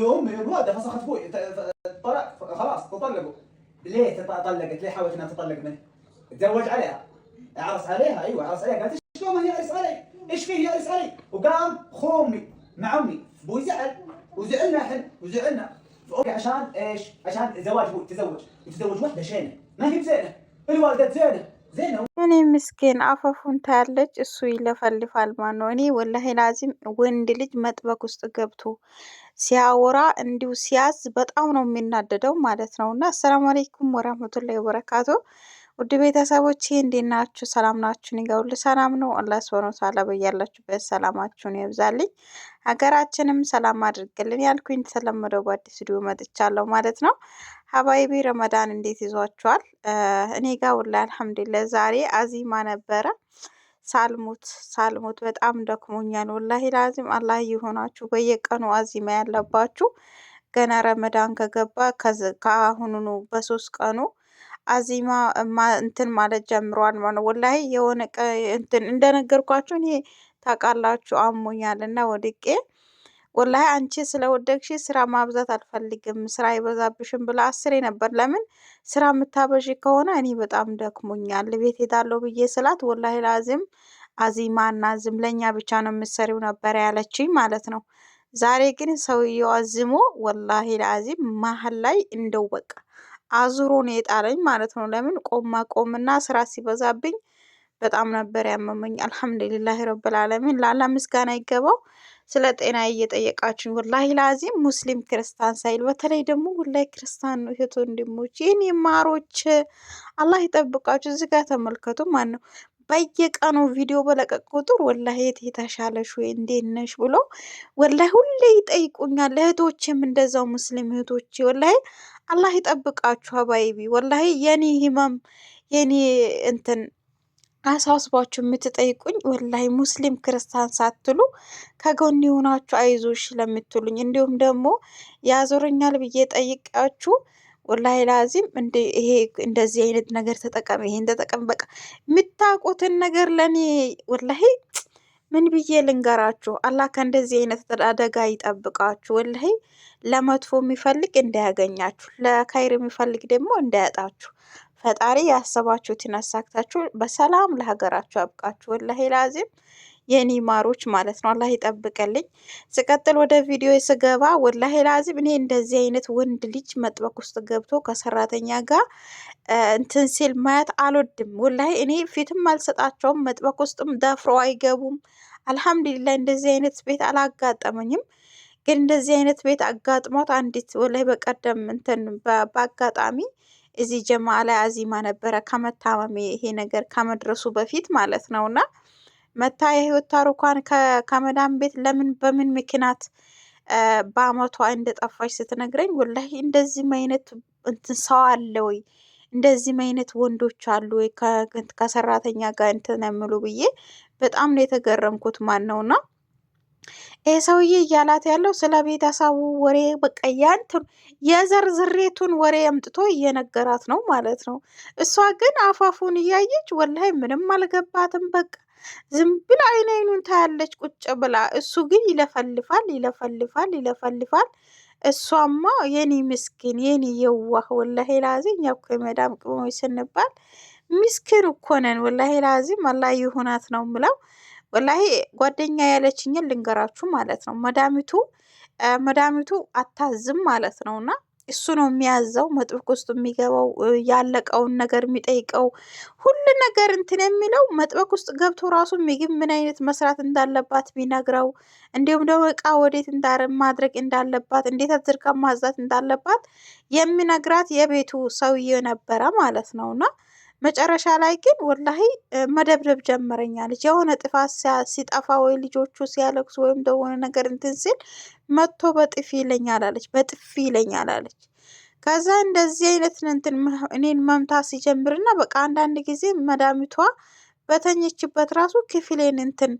يوم من الوالده فسخت ابوي طلق خلاص تطلقوا ليه تطلقت ليه حاولت انها تطلق منه؟ تزوج عليها عرس عليها ايوه عرس عليها قالت ايش شلون هي عرس علي؟ ايش فيه يا عرس علي؟ وقام خو امي مع امي ابوي زعل وزعلنا احنا وزعلنا فامي عشان ايش؟ عشان زواج ابوي تزوج وتزوج واحده شينه ما هي بزينه الوالده زينه እኔ ምስኪን አፈፉን ታያለች፣ እሱ ይለፈልፋል። ማነው እኔ ወላሂ ላዚም ወንድ ልጅ መጥበቅ ውስጥ ገብቶ ሲያወራ እንዲሁ ሲያዝ በጣም ነው የሚናደደው ማለት ነው። እና አሰላሙ አሌይኩም ወራህመቱላሂ ወበረካቱ ውድ ቤተሰቦች እንዴት ናችሁ? ሰላም ናችሁን? ይገውል ሰላም ነው። አላህ ሱብሓነሁ ወተዓላ በያላችሁበት ሰላማችሁን ይብዛልኝ፣ ሀገራችንም ሰላም አድርግልን ያልኩኝ እንደተለመደው በአዲስ ቪዲዮ መጥቻለሁ ማለት ነው። ሀባይቢ ረመዳን እንዴት ይዟችኋል? እኔ ጋር ውላ አልሐምዱሊላህ ዛሬ አዚማ ነበረ ሳልሞት ሳልሞት በጣም ደክሞኛል። ወላሂ ላዚም አላህ ይሆናችሁ። በየቀኑ አዚማ ያለባችሁ ገና ረመዳን ከገባ ከአሁኑኑ በሶስት ቀኑ አዚማ እንትን ማለት ጀምሯል ማለት ወላሂ የሆነ እንትን እንደነገርኳችሁ እኔ ታውቃላችሁ አሞኛል እና ወድቄ ወላሂ አንቺ ስለወደቅሽ ስራ ማብዛት አልፈልግም፣ ስራ ይበዛብሽም ብላ አስሬ ነበር። ለምን ስራ የምታበዥ ከሆነ እኔ በጣም ደክሞኛል ቤት ሄዳለሁ ብዬ ስላት ወላሂ ላዚም አዚማ እና ዝም ለእኛ ብቻ ነው የምትሰሪው ነበር ያለችኝ ማለት ነው። ዛሬ ግን ሰውየው አዝሞ ወላሂ ላዚም መሀል ላይ እንደው በቃ አዙሮ ነው የጣለኝ ማለት ነው። ለምን ቆማ ቆምና ስራ ሲበዛብኝ በጣም ነበር ያመመኝ። አልሐምዱሊላህ ረብል ዓለሚን ለአላህ ምስጋና ይገባው። ስለ ጤና እየጠየቃችሁ ወላሂ ላዚም ሙስሊም ክርስቲያን ሳይል በተለይ ደግሞ ወላሂ ክርስቲያን ነው እህት ወንድሞች፣ ይህን የማሮች አላህ ይጠብቃችሁ። እዚህ ጋር ተመልከቱ። ማን ነው በየቀኑ ቪዲዮ በለቀቅ ቁጥር ወላሂ የት የተሻለሽ ወይ እንዴት ነሽ ብሎ ወላሂ ሁሌ ይጠይቁኛል። እህቶቼም እንደዛው ሙስሊም እህቶች ወላሂ አላህ ይጠብቃችሁ። አባይቢ ወላሂ የኔ ህመም የኔ እንትን አሳስባችሁ የምትጠይቁኝ ወላይ ሙስሊም ክርስቲያን ሳትሉ ከጎን የሆናችሁ አይዞሽ ለምትሉኝ እንዲሁም ደግሞ ያዞረኛል ብዬ ጠይቃችሁ ወላይ ላዚም ይሄ እንደዚህ አይነት ነገር ተጠቀም፣ ይሄን ተጠቀም፣ በቃ የምታውቁትን ነገር ለእኔ ወላሂ ምን ብዬ ልንገራችሁ? አላህ ከእንደዚህ አይነት አደጋ ይጠብቃችሁ። ወላሂ ለመጥፎ የሚፈልግ እንዳያገኛችሁ፣ ለካይር የሚፈልግ ደግሞ እንዳያጣችሁ። ፈጣሪ ያሰባችሁትን አሳክታችሁ በሰላም ለሀገራችሁ አብቃችሁ። ወላሂ ላዚም የኔ ማሮች ማለት ነው። አላህ ይጠብቀልኝ። ስቀጥል ወደ ቪዲዮ ስገባ ወላሂ ላዚም እኔ እንደዚህ አይነት ወንድ ልጅ መጥበቅ ውስጥ ገብቶ ከሰራተኛ ጋር እንትን ሲል ማየት አልወድም። ወላሂ እኔ ፊትም አልሰጣቸውም። መጥበቅ ውስጥም ደፍሮ አይገቡም። አልሐምዱሊላ እንደዚህ አይነት ቤት አላጋጠመኝም። ግን እንደዚህ አይነት ቤት አጋጥሞት አንዲት ወላሂ በቀደም እንትን በአጋጣሚ እዚህ ጀማ ላይ አዚማ ነበረ ከመታመሜ ይሄ ነገር ከመድረሱ በፊት ማለት ነው። እና መታ የህይወት ታሪኳን ከመዳም ቤት ለምን በምን ምክንያት በአመቷ እንደጠፋች ስትነግረኝ ወላሂ እንደዚህ አይነት እንትን ሰው አለ ወይ እንደዚህም አይነት ወንዶች አሉ ወይ ከሰራተኛ ጋር እንትን የሚሉ ብዬ በጣም ነው የተገረምኩት። ማን ነው እና ይህ ሰውዬ እያላት ያለው ስለ ቤተሰቡ ወሬ በቃ ያንትን የዘር ዝሬቱን ወሬ አምጥቶ እየነገራት ነው ማለት ነው። እሷ ግን አፋፉን እያየች ወላይ ምንም አልገባትም። በቃ ዝም ብላ አይን አይኑን ታያለች ቁጭ ብላ። እሱ ግን ይለፈልፋል፣ ይለፈልፋል፣ ይለፈልፋል። እሷማ የኔ ምስኪን የኔ የዋህ ወላሂ ላዚም ያው የመዳም ቅሞች ስንባል ምስኪን እኮ ነን ወላሂ ላዚም አላህ ይሁናት ነው ምለው ወላሂ ጓደኛ ያለችኝን ልንገራችሁ ማለት ነው። መዳሚቱ መዳሚቱ አታዝም ማለት ነው እና እሱ ነው የሚያዘው መጥብቅ ውስጥ የሚገባው ያለቀውን ነገር የሚጠይቀው ሁሉ ነገር እንትን የሚለው መጥበቅ ውስጥ ገብቶ ራሱ ምግብ ምን አይነት መስራት እንዳለባት ቢነግረው፣ እንዲሁም ደግሞ እቃ ወዴት ማድረግ እንዳለባት፣ እንዴት አድርጋ ማዛት እንዳለባት የሚነግራት የቤቱ ሰውዬ ነበረ ማለት ነው እና መጨረሻ ላይ ግን ወላሂ መደብደብ ጀመረኝ የሆነ ጥፋት ሲጠፋ ወይ ልጆቹ ሲያለቅሱ ወይም ደሆነ ነገር እንትን ሲል መጥቶ በጥፊ ይለኛል አለች። በጥፊ ይለኛል አለች። ከዛ እንደዚህ አይነት እንትን እኔን መምታት ሲጀምርና በቃ አንዳንድ ጊዜ መዳሚቷ በተኘችበት ራሱ ክፍሌን እንትን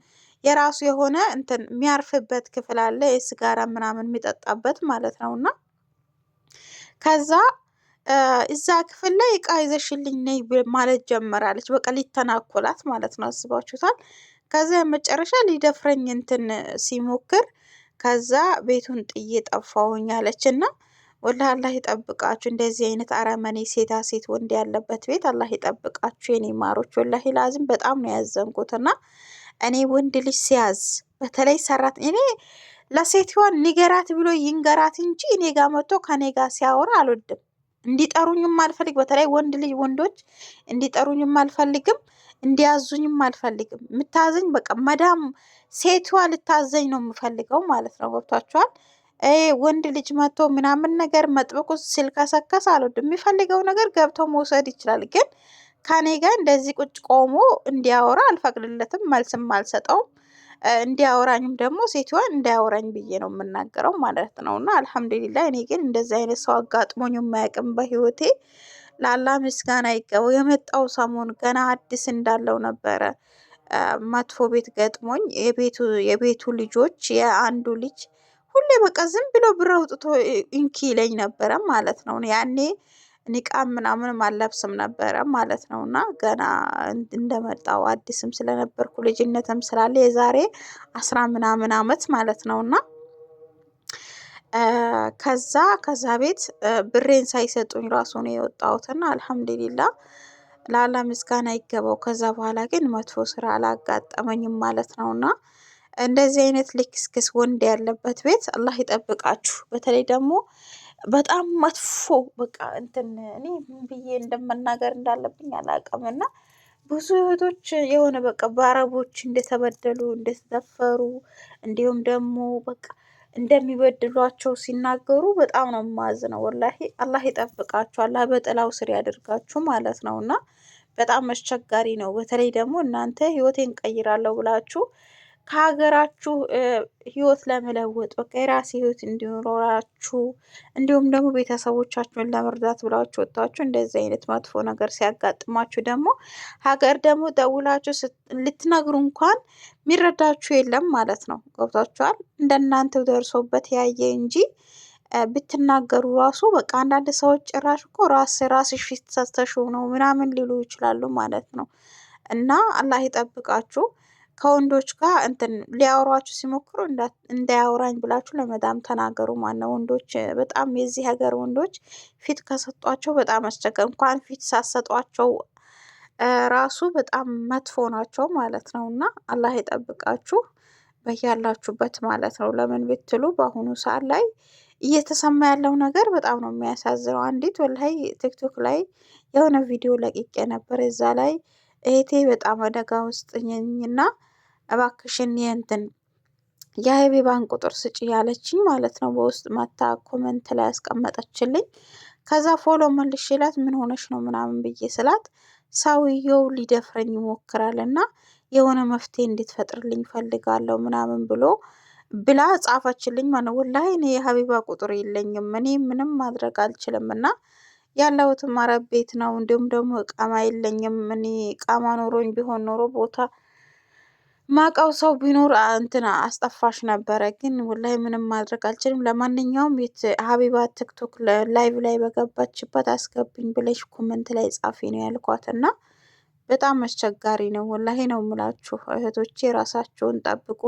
የራሱ የሆነ እንትን የሚያርፍበት ክፍል አለ የስጋራ ምናምን የሚጠጣበት ማለት ነው እና ከዛ እዛ ክፍል ላይ እቃ ይዘሽልኝ ነይ ማለት ጀመራለች። በቃ ሊተናኮላት ማለት ነው። አስባችሁታል። ከዛ መጨረሻ ሊደፍረኝ እንትን ሲሞክር ከዛ ቤቱን ጥዬ ጠፋሁኝ አለች እና ወላ አላህ ይጠብቃችሁ። እንደዚህ አይነት አረመኔ ሴታ ሴት ወንድ ያለበት ቤት አላህ ይጠብቃችሁ የኔ ማሮች። ወላ ላዝም በጣም ነው ያዘንኩት። እና እኔ ወንድ ልጅ ሲያዝ በተለይ ሰራት እኔ ለሴትዮን ንገራት ብሎ ይንገራት እንጂ እኔ ጋር መጥቶ ከኔ ጋር ሲያወራ አልወድም። እንዲጠሩኝም አልፈልግ። በተለይ ወንድ ልጅ ወንዶች እንዲጠሩኝም አልፈልግም፣ እንዲያዙኝም አልፈልግም። የምታዘኝ በቃ መዳም ሴቷ ልታዘኝ ነው የምፈልገው ማለት ነው። ገብቷችኋል? ወንድ ልጅ መጥቶ ምናምን ነገር መጥበቁ ሲልከሰከስ አልወድም። የሚፈልገው ነገር ገብቶ መውሰድ ይችላል፣ ግን ከኔ ጋር እንደዚህ ቁጭ ቆሞ እንዲያወራ አልፈቅድለትም፣ መልስም አልሰጠውም። እንዲያወራኝም ደግሞ ሴትዋን እንዳያወራኝ ብዬ ነው የምናገረው ማለት ነው። እና አልሐምዱሊላ እኔ ግን እንደዚህ አይነት ሰው አጋጥሞኝ የማያውቅም በህይወቴ። ላላ ምስጋና ይገባው። የመጣው ሰሞን ገና አዲስ እንዳለው ነበረ መጥፎ ቤት ገጥሞኝ የቤቱ ልጆች የአንዱ ልጅ ሁሌ በቃ ዝም ብሎ ብር አውጥቶ እንኪ ይለኝ ነበረ ማለት ነው። ያኔ ኒቃብ ምናምንም አለብስም ነበረ ማለት ነው። እና ገና እንደመጣው አዲስም ስለነበርኩ ልጅነትም ስላለ የዛሬ አስራ ምናምን አመት ማለት ነው እና ከዛ ከዛ ቤት ብሬን ሳይሰጡኝ ራሱ ነው የወጣሁትና አልሐምዱሊላ ለአላ ምስጋና ይገባው። ከዛ በኋላ ግን መጥፎ ስራ አላጋጠመኝም ማለት ነው እና እንደዚህ አይነት ልክስክስ ወንድ ያለበት ቤት አላህ ይጠብቃችሁ። በተለይ ደግሞ በጣም መጥፎ በቃ እንትን እኔ ምን ብዬ እንደመናገር እንዳለብኝ አላውቅም። እና ብዙ እህቶች የሆነ በቃ በአረቦች እንደተበደሉ እንደተደፈሩ እንዲሁም ደግሞ በቃ እንደሚበድሏቸው ሲናገሩ በጣም ነው ነው። ወላሂ አላህ ይጠብቃችሁ፣ አላህ በጥላው ስር ያደርጋችሁ ማለት ነው እና በጣም አስቸጋሪ ነው። በተለይ ደግሞ እናንተ ህይወቴን ቀይራለሁ ብላችሁ ከሀገራችሁ ህይወት ለመለወጥ በቃ የራሴ ህይወት እንዲኖራችሁ እንዲሁም ደግሞ ቤተሰቦቻችሁን ለመርዳት ብላችሁ ወጥታችሁ እንደዚህ አይነት መጥፎ ነገር ሲያጋጥማችሁ ደግሞ ሀገር ደግሞ ደውላችሁ ልትነግሩ እንኳን የሚረዳችሁ የለም ማለት ነው። ገብቷችኋል። እንደናንተው ደርሶበት ያየ እንጂ ብትናገሩ ራሱ በቃ አንዳንድ ሰዎች ጭራሽ እኮ ራስ ራስሽ ፊት ሰተሽው ነው ምናምን ሊሉ ይችላሉ ማለት ነው። እና አላህ ይጠብቃችሁ። ከወንዶች ጋር እንትን ሊያወሯችሁ ሲሞክሩ እንዳያወራኝ ብላችሁ ለመዳም ተናገሩ። ማነው ወንዶች በጣም የዚህ ሀገር ወንዶች ፊት ከሰጧቸው በጣም አስቸገር እንኳን ፊት ሳሰጧቸው ራሱ በጣም መጥፎ ናቸው ማለት ነው። እና አላህ የጠብቃችሁ በያላችሁበት ማለት ነው። ለምን ብትሉ በአሁኑ ሰዓት ላይ እየተሰማ ያለው ነገር በጣም ነው የሚያሳዝነው። አንዲት ወላሂ ቲክቶክ ላይ የሆነ ቪዲዮ ለቅቄ ነበር እዛ ላይ እህቴ በጣም አደጋ ውስጥ ነኝና እባክሽን የእንትን የሀቢባን ቁጥር ስጪ ያለችኝ ማለት ነው። በውስጥ መታ ኮመንት ላይ ያስቀመጠችልኝ። ከዛ ፎሎ መልሽ ይላት ምን ሆነሽ ነው ምናምን ብዬ ስላት ሰውየው ሊደፍረኝ ይሞክራል እና የሆነ መፍትሄ እንድትፈጥርልኝ ፈልጋለሁ ምናምን ብሎ ብላ ጻፈችልኝ። ማነው ወላሂ እኔ የሀቢባ ቁጥር የለኝም እኔ ምንም ማድረግ አልችልም እና ያለሁት አረብ ቤት ነው። እንዲሁም ደግሞ እቃማ የለኝም። እኔ እቃማ ኖሮኝ ቢሆን ኖሮ ቦታ ማቀው ሰው ቢኖር እንትን አስጠፋሽ ነበረ፣ ግን ወላሂ ምንም ማድረግ አልችልም። ለማንኛውም ሀቢባ ቲክቶክ ላይቭ ላይ በገባችበት አስገብኝ ብለሽ ኮመንት ላይ ጻፊ ነው ያልኳት እና በጣም አስቸጋሪ ነው። ወላሂ ነው ምላችሁ። እህቶቼ፣ ራሳችሁን ጠብቁ።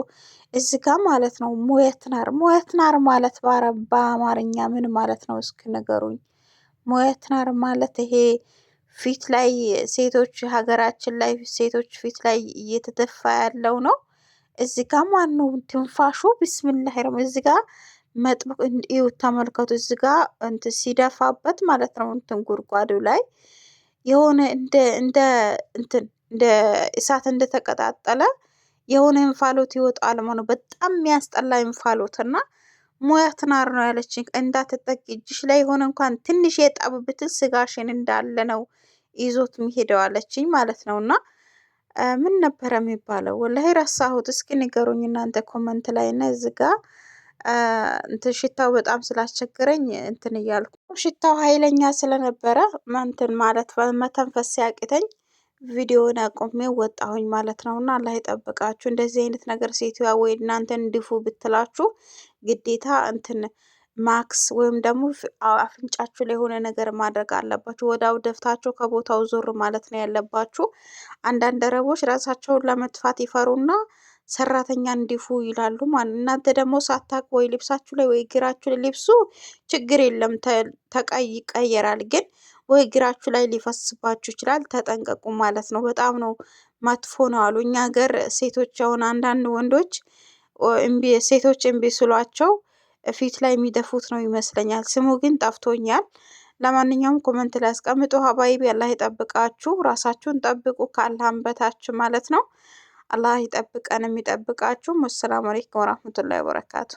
እዚህ ጋ ማለት ነው ሞየትናር ሞየትናር ማለት በአማርኛ ምን ማለት ነው? እስኪ ንገሩኝ። ሞያትናር ማለት ይሄ ፊት ላይ ሴቶች ሀገራችን ላይ ሴቶች ፊት ላይ እየተተፋ ያለው ነው። እዚህ ጋ ነው ትንፋሹ? ቢስሚላህ ረም እዚህ ጋ መጥብቅ እንዲሁ ተመልከቱ። እዚህ ጋ እንት ሲደፋበት ማለት ነው እንትን ጉድጓዱ ላይ የሆነ እንደ እንደ እንትን እንደ እሳት እንደተቀጣጠለ የሆነ እንፋሎት ይወጣል ማለት ነው። በጣም የሚያስጠላ እንፋሎት እና ሙያ ትናር ነው ያለችኝ። እንዳትጠቂ እጅሽ ላይ የሆነ እንኳን ትንሽ የጣብብትን ስጋሽን እንዳለ ነው ይዞት የሚሄደው አለችኝ ማለት ነው። እና ምን ነበረ የሚባለው ወላሂ ረሳሁት። እስኪ ንገሩኝ እናንተ ኮመንት ላይ እና እዚ ጋ እንትን ሽታው በጣም ስላስቸግረኝ እንትን እያልኩ ሽታው ኃይለኛ ስለነበረ እንትን ማለት መተንፈስ ያቅተኝ ቪዲዮን አቆሜ ወጣሁኝ ማለት ነው። እና አላህ ይጠብቃችሁ። እንደዚህ አይነት ነገር ሴትዮዋ ወይ እናንተን እንዲፉ ብትላችሁ ግዴታ እንትን ማክስ ወይም ደግሞ አፍንጫችሁ ላይ የሆነ ነገር ማድረግ አለባችሁ። ወዲያው ደፍታችሁ ከቦታው ዞር ማለት ነው ያለባችሁ። አንዳንድ ደረቦች ራሳቸውን ለመጥፋት ይፈሩና ሰራተኛ እንዲፉ ይላሉ ማለት እናንተ ደግሞ ሳታቅ ወይ ልብሳችሁ ላይ ወይ እግራችሁ ላይ ልብሱ ችግር የለም ተቀይ ይቀየራል፣ ግን ወይ እግራችሁ ላይ ሊፈስባችሁ ይችላል። ተጠንቀቁ ማለት ነው። በጣም ነው መጥፎ ነው አሉ እኛ ሀገር ሴቶች አሁን አንዳንድ ወንዶች ሴቶች እምቢ ስሏቸው ፊት ላይ የሚደፉት ነው ይመስለኛል። ስሙ ግን ጠፍቶኛል። ለማንኛውም ኮመንት ላይ አስቀምጡ። ሀባይቢ አላህ ይጠብቃችሁ። ራሳችሁን ጠብቁ ከአላህ በታች ማለት ነው። አላህ ይጠብቀን የሚጠብቃችሁ። ወሰላሙ አለይኩም ወራህመቱላሂ ወበረካቱ።